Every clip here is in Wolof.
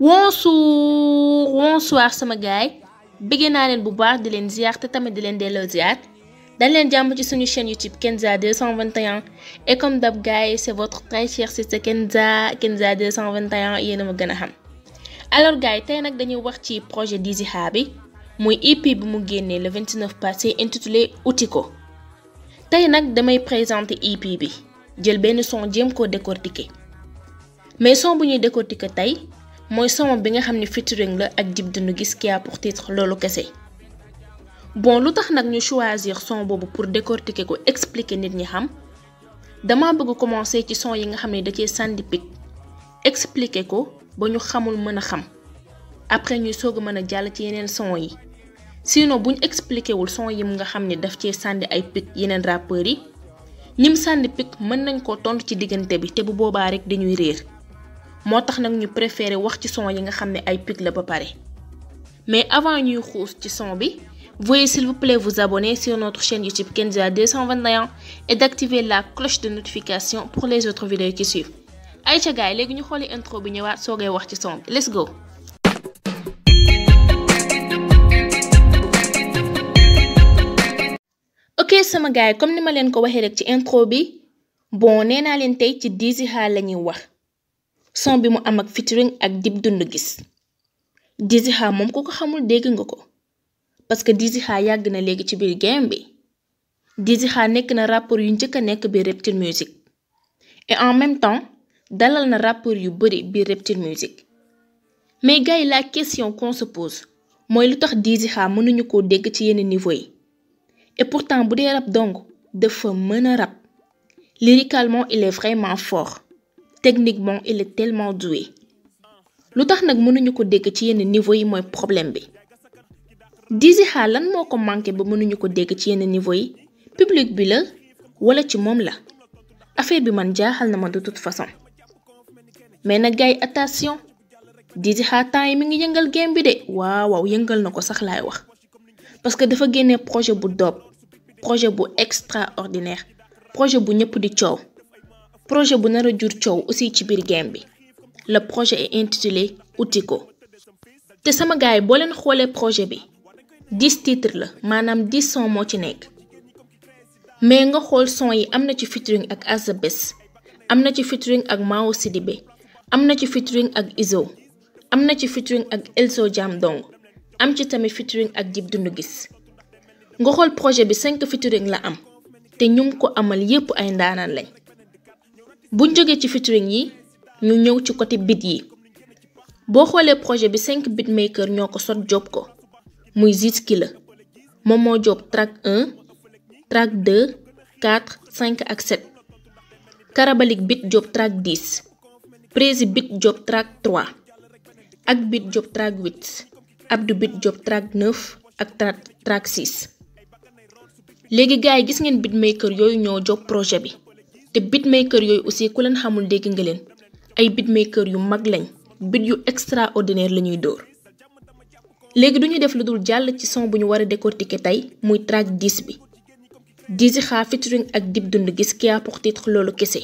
bonjour bonsoir sama gars. bëggee naa leen bu baax di leen ziar te tamit di leen delloo ziar dañ len jamm ci suñu chaîne YouTube Kenza 221 et comme d'hab gars, c'est votre très cher c'est Kenza Kenza 221 yéen ma Alors xam alors gars, tay nak dañuy wax ci projet Dizihabi bi muy EP bu mu le 29 passé intitulé Outiko Tay nak damay présenter EP bi jël benn son jéem ko décortiquer mais son bu ñuy décortiquer mooy son bi nga xam ne featuring la ak Dip Doundou gis qui a pour loolu kese bon lu tax nag ñu choisir son boobu pour décortiquer ko expliquer nit ñi xam dama bëgg commencer ci son yi nga xam ne da cee sànni expliquer ko ba ñu xamul mën a xam après ñuy soog a mën a jàll ci yeneen son yi sinon buñ expliquer wul son yim nga xam ne daf cee sànni ay pic yeneen rappeurs yi ñim sànni pic mën nañ ko tontu ci diggante bi te bu boobaa rek dañuy réer. moo tax nag ñu préféré wax ci son yi nga xam ne ay pic la ba pare mais avant ñuy xuus ci son bi veuillez s'il vous plaît vous abonner sur notre chaîne YouTube Kenza 221 et d'activer la cloche de notification pour les autres vidéos qui suivent ay gars yi léegi ñu xooli intro bi ñëwaat soogay wax ci son let's go. ok sama gars comme ni ma leen ko waxee rek ci intro bi bon nee naa leen tey ci Dizzy la ñuy wax. son bi mu am ak featuring ak Dip Doundou Guiss Dizzy Kha moom ku ko xamul dégg nga ko parce que Dizzy yàgg na léegi ci biir game bi Dizzy xa nekk na rappeur yu njëkk a nekk biir Reptile Music et en même temps dalal na rappeur yu bari biir Reptile Music mais gars la question qu'on mooy lu tax Dizzy Kha mënuñu ko dégg ci yenn niveau yi et pourtant bu dee rap dong dafa mën a rap lyricalement il est vraiment fort techniquement il est telement doué lu tax nag mënuñu ko dégg ci yenn niveau yi mooy problème bi Dizzy Kha lan moo ko manqué ba mënuñu ko dégg ci yenn niveau yi public bi la wala ci moom la affaire bi man jaaxal na ma de tout façon mais nag gars attention Dizzy Kha temps yi mi ngi yëngal game bi de waaw waaw yëngal na ko sax laay wax parce que dafa génne projet bu doob projet bu extraordinaire projet bu ñëpp di coow. projet bu nar a jur coow aussi ci biir game bi le projet est intitulé Outiko te sama gars yi boo leen xoolee projet bi dix titres la maanaam dix son moo ci nekk mais nga xool son yi am na ci featuring ak Azza am na ci featuring ak Mao Sidibé am na ci featuring ak Izo am na ci featuring ak Elzo Jam Dong am ci tamit featuring ak Dip Doundou gis nga xool projet bi cinq featuring la am te ñum ko amal yépp ay ndaanaan lañ buñ jógee ci featuring yi ñu ñëw ci côté beat yi boo xoolee projet bi 5 beatmaker ñoo ko sot job ko muy Zizkila moom moo job track 1 track 2 4 5 ak 7 Karabalik beat job track 10 Prési beat job track 3 ak beat job track 8 Abdou beat job track 9 ak track 6 léegi gars yi gis ngeen bit beatmaker yooyu ñoo job projet bi te beatmaker yooyu aussi ku leen xamul dégg nga leen ay beatmaker yu mag lañ bit yu extraordinaire la ñuy dóor léegi duñu def lu dul jàll ci son bu ñu war a décortiquer tey muy track 10 bi Dizzy Kha featuring ak Dip Doundou Guiss qui a pour titre loolu kese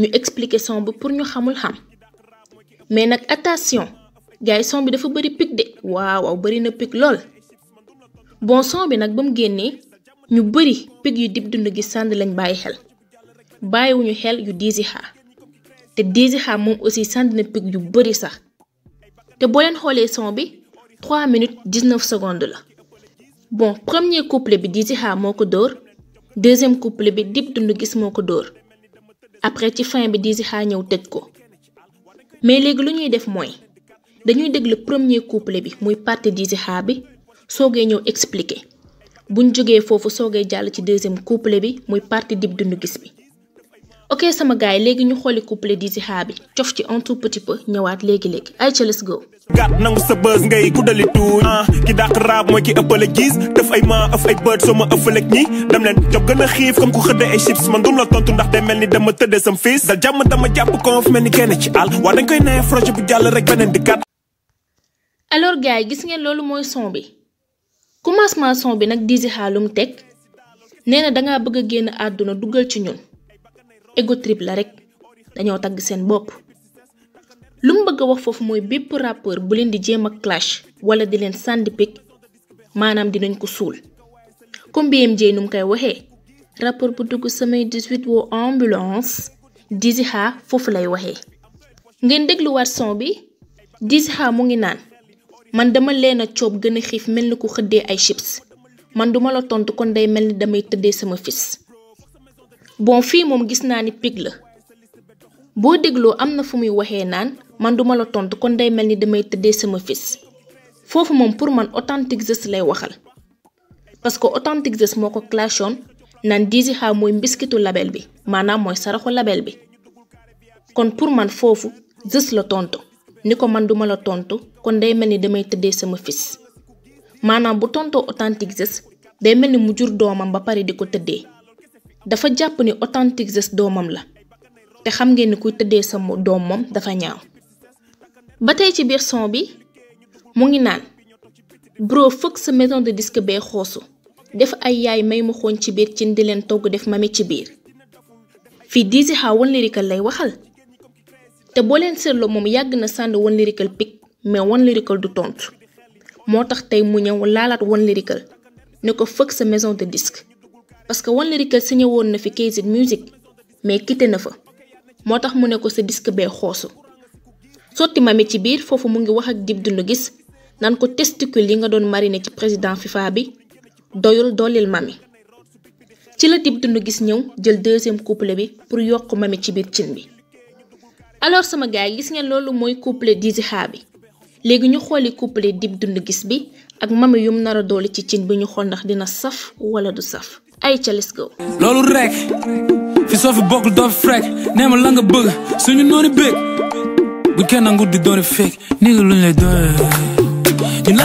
ñu expliquer son bi pour ñu xamul xam mais nag attention gars son bi dafa bëri pic de waaw waaw na pic lool bon son bi nag ba mu génnee ñu bëri pic yu Dip dund gis sànd lañ bàyyi xel bàyyiwuñu xel yu diisi xa te diisi xa moom aussi sànni na pic yu bëri sax te boo leen xoolee son bi 3 minutes 19 secondes la bon premier couplet bi diisi xa moo ko dóor deuxième couplet bi dip dund gis moo ko dóor après ci fin bi diisi xaa ñëw tëj ko mais léegi lu ñuy def mooy dañuy déglu premier couplet bi muy partie diisi xaa bi soogee ñëw expliquer buñ jógee foofu soogee jàll ci deuxième couplet bi muy partie dip dund gis bi ok sama gaay léegi ñu xooli couple Dizzy Ha bi cof ci un tout petit peu ñëwaat léegi-léegi ay ca let's go gàtt nangu sa bës ngay guddali tuuñ ah, ki dàq raab mooy ki ëppale gis def ay ma af ay bët soo ma ëffaleg ñi dam leen jox gën a xiif comme ku xëdde man dum la tontu ndax day mel ni dama tëddee sam fiis dal jàmm dama jàpp konf mel ni kenn ci àll waa dañ koy nawe projet bu jàll rek beneen di kat alors gars yi gis ngeen loolu mooy son bi commencement son bi nag Dizzy Ha lu mu teg nee na dangaa bëgg a génn àdduna dugal ci ñun ego trip la rek dañoo tagg seen bopp lu mu bëgg a wax foofu mooy bépp rappeur bu leen di jéem a clash wala di leen sànni pik maanaam dinañ ko suul comme BM Jaay nu mu koy waxee rappeur bu dugg samay 18 woo ambulance Dizzyha foofu lay waxee. ngeen dégluwaat son bi Dizzyha mu ngi naan man dama leen a coob gën a xiif mel ni ku xëddee ay chips man duma la tontu kon day mel ni damay tëddee sama fis bon fii moom gis naa ni pig la boo dégloo am na fu muy waxee naan man duma la tontu kon day mel ni damay tëddee sama fis foofu moom pour man authentique lay waxal parce que authentique moo ko clashoon naan Dizzy Kha mooy mbiskitu label bi maanaam mooy saraxu label bi kon pour man foofu Zeus la tontu ni ko man duma la tontu kon day mel ni damay tëddee sama fis maanaam bu tontoo authentique Zeus day mel ni mu jur doomam ba pare di ko tëddee dafa jàpp ni authentique Zez doomam la te xam ngeen ni kuy tëddee sa doom moom dafa ñaaw ba tey ci biir son bi mu ngi naan bro fëkk sa maison de disque bee xoosu def ay yaay may mu xooñ ci biir cin di leen togg def mami ci biir fii Dizzy xaw One Lyrical lay waxal te boo leen seetloo moom yàgg na sànni One Lyrical pic mais One Lyrical du tontu moo tax tey mu ñëw laalaat One Lyrical ne ko fëkk sa maison de disque parce que One Lyrical signé woon na fi KZ Music mais quitté na fa moo tax mu ne ko sa disque bee xoosu sotti mami ci biir foofu mu ngi wax ak Dip Doundou gis nan ko testicule yi nga doon mariné ci président FIFA bi doyul dooleel mami ci la Dip Doundou gis ñëw jël deuxième couplet bi pour yokk mami ci biir cin bi alors sama gars yi gis ngeen loolu mooy couplet Dizzy Ha bi léegi ñu xooli couplet Dip Doundou gis bi ak mami yum nar a ci cin bi ñu xool ndax dina saf wala du saf ayca let's go. loolu rek fi soo fi bokkul doo frek nee la nga bëgg suñu noonu bëgg bu kenn nangu di doon fekk ni nga luñ lay doyee ñun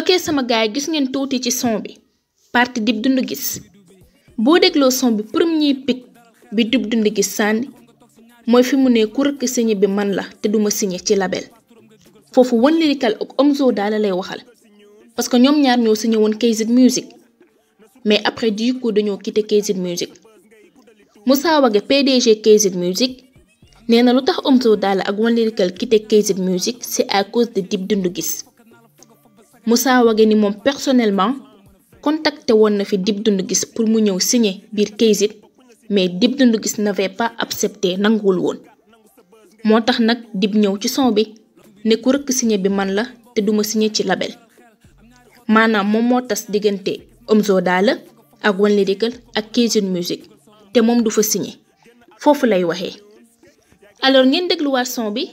lan sama gars gis ngeen tuuti ci son bi parti dib dund gis boo dégloo son bi premier pic bi dib dund gis sànni. mooy fi mu ne ku rëkk signé bi man la te duma signé ci label foofu One Lyrical ak Omzo daal lay waxal parce que ñoom ñaar ñoo signé woon KZ Music mais après du coup dañoo quitté KZ Music Moussa Wagué PDG KZ Music nee na lu tax Omzo Dollar ak One Lyrical quitté KZ Music à cause de Dip Doundou Guiss Moussa Wagué ni moom personnellement contacté woon na fi Dip Doundou gis pour mu ñëw signé biir KZ mais Dip Doundou Guiss n'avait pas accepté nanguwul woon moo tax nag Dip ñëw ci son bi ne ku rëkk signé bi man la te duma signé ci label maanaam moom moo tas diggante Omzo Dollar ak One Lyrical ak Kajun Music te moom du fa signé foofu lay waxee alors ngeen dégluwaat son bi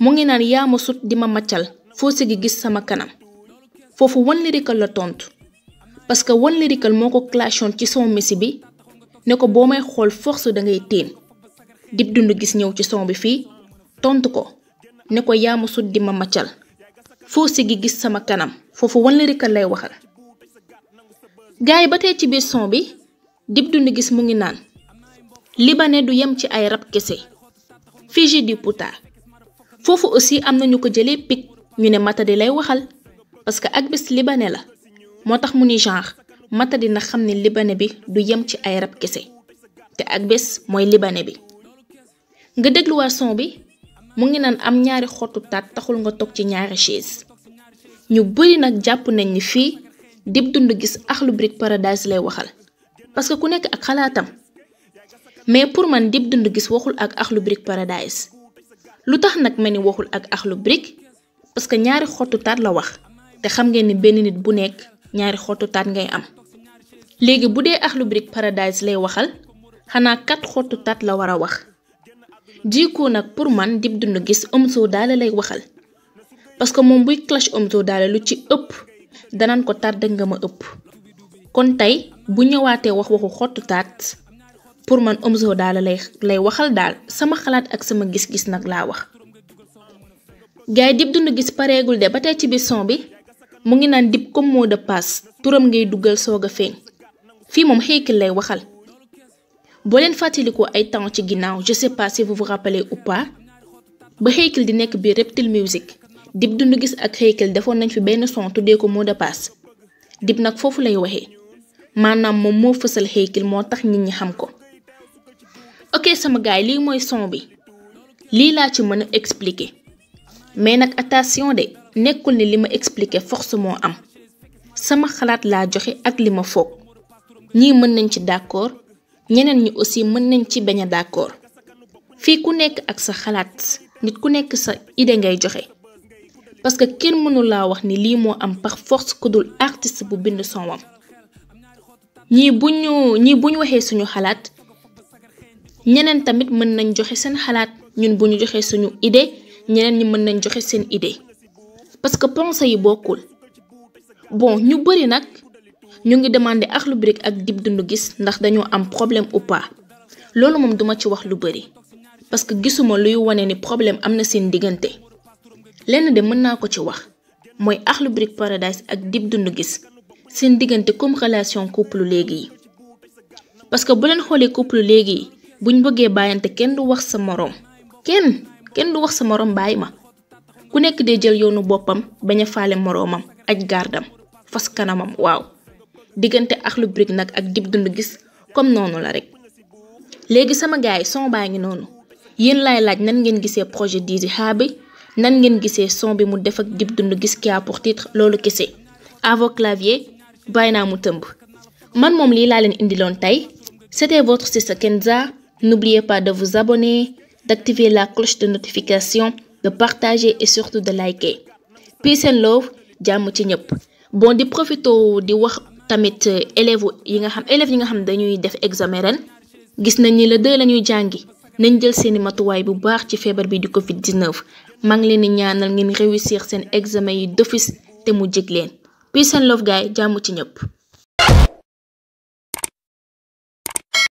mu ngi naan yaa ma sut di ma maccal foo sigi gis sama kanam foofu One Lyrical la tontu parce que One Lyrical moo ko clashoon ci son messi bi ne ko boo may xool force da ngay téen dib dund gis ñëw ci son bi fii tontu ko ne ko sut di ma maccal foo gi gis sama kanam foofu wan lirik lay waxal gaay ba tey ci biir son bi dib dund gis mu ngi naan du yem ci ay rab kese fiji di puta foofu aussi am ñu ko jëlee pic ñu ne di lay waxal parce que ak bis la moo mu ni genre mata dina xam ne libane bi du yem ci ay rab kese te ak bés mooy libane bi nga dégluwaat son bi mu ngi naan am ñaari xottu taat taxul nga toog ci ñaari chaise ñu bari nag jàpp nañ ni fii Dip Doundou Guiss Akhlou Brick Paradise lay waxal parce que ku nekk ak xalaatam mais pour man Dip Doundou gis waxul ak Akhlou Brick lu tax nag ma ni waxul ak Akhlou Brick parce que ñaari xottu taat la wax te xam nga ni benn nit bu nekk ñaari xottu taat ngay am léegi bu dee Akhlou Brick Paradise lay waxal xanaa kat xottu taat la war a wax jiikoo nag pour man Dip Doundou gis Omzo Dolly lay waxal parce que moom buy clash Omzo Dolly lu ci ëpp danaan ko taat dëgg nga ma ëpp kon tey bu ñëwaatee wax waxu xottu taat pour man Omzo Dolly lay lay waxal daal sama xalaat ak sama gis-gis nag laa wax. gaay Dip Doundou Guiss pareegul de ba tey ci biir bi. mu ngi naan dip comme mot de passe turam ngay dugal soog a feeñ fii moom Haeckel lay waxal boo leen fàttalikoo ay temps ci ginnaaw je sais pas si vous vous rappelez ba Haeckel di nekk biir Reptile Music dip dundu gis ak Haeckel defoon nañ fi benn son tuddee ko mot de passe nag foofu lay waxee maanaam moom moo fësal xeekil moo tax nit ñi xam ko. ok sama gaay lii mooy son bi lii laa ci mën a expliquer. mais nak attention de nekul ni lima expliquer expliqué force moo am sama xalat la joxe ak lima ma ñi ñii mën nañ ci d'accord ñeneen ñi aussi mën nañ ci bañ d'accord fi ku nekk ak sa xalaat nit ku nekk sa idée ngay joxe parce que kenn mënu laa wax ni lii moo am par force ku dul artiste bu bind sonwam ñii bu ñu ñii bu ñu waxee suñu xalaat ñeneen tamit mën nañ joxe seen xalaat ñun buñu ñu joxee suñu idée ñeneen ñi mën nañ joxe seen idée parce que pensée yi bokkul bon ñu bëri nag ñu ngi demandé Akhlou Brick ak Dip Doundou gis ndax dañoo am problème ou pas loolu moom duma ci wax lu bëri parce que gisuma luy wane ni problème am na seen diggante lenn de mën naa ko ci wax mooy Akhlou Brick Paradise ak Dip Doundou Guiss seen diggante comme relation couple léegi yi parce que bu xoolee couple léegi yi buñ bëggee bàyyante kenn du wax sa moroom kenn. kenn du wax sa moroom bàyyi ma ku nekk dee jël yoonu boppam bañ a faale moroomam aj gardam fas kanamam waaw diggante Akhlou Brick nag ak Dip Doundou gis comme noonu la rek léegi sama gars yi son baa ngi noonu yéen laay laaj nan ngeen gisee projet Dizzy Ha bi nan ngeen gisee son bi mu def ak Dip Doundou gis qui a pour titre loolu kese à vos naa mu tëmb man moom lii laa leen indiloon tey c'était votre sister Kenza n'oubliez pas de vous abonner d'activer la cloche de notification de partager et surtout de liker peace and love ci bon di profito di wax tamit euh, élèves yi nga élèves yi nga xam dañuy def examen gis deux nañ jël Covid 19 Ma ngi leen réussir examen d'office mu peace and love guy